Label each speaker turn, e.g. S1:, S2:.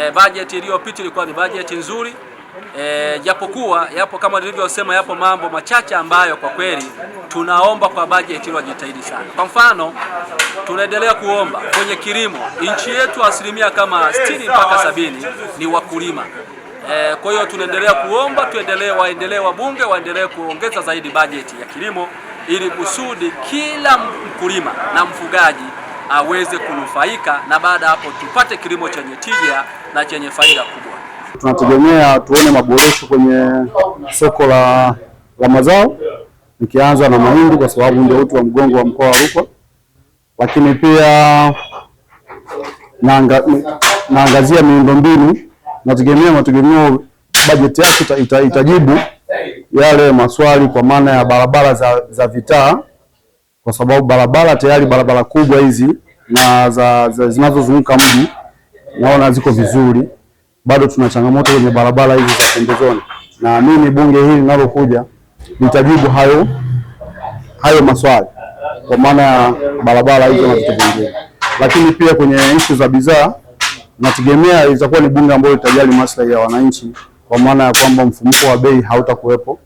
S1: E, eh, bajeti iliyopita ilikuwa ni bajeti nzuri e, japokuwa yapo kama nilivyosema, yapo mambo machache ambayo kwa kweli tunaomba kwa bajeti ili wajitahidi sana. Kwa mfano, tunaendelea kuomba kwenye kilimo, nchi yetu asilimia kama 60 mpaka sabini ni wakulima e, kwa hiyo tunaendelea kuomba tuendelee, waendelee wabunge waendelee kuongeza zaidi bajeti ya kilimo ili kusudi kila mkulima na mfugaji aweze kunufaika, na baada hapo tupate kilimo chenye tija na chenye faida kubwa.
S2: Tunategemea tuone maboresho kwenye soko la, la mazao nikianza na mahindi kwa sababu ndio uti wa mgongo wa mkoa wa Rukwa, lakini pia naangazia miundo miundombinu. Nategemea mategemeo bajeti yake itajibu ita, ita yale maswali kwa maana ya barabara za, za vitaa kwa sababu barabara tayari barabara kubwa hizi na za, za zinazozunguka mji naona ziko vizuri, bado tuna changamoto kwenye barabara hizi za pembezoni. Naamini bunge hili linalokuja litajibu hayo hayo maswali, kwa maana ya barabara hizo na vitu vingine. Lakini pia kwenye nchi za bidhaa nategemea itakuwa ni bunge ambayo itajali maslahi ya wananchi, kwa maana ya kwamba mfumuko wa bei hautakuwepo.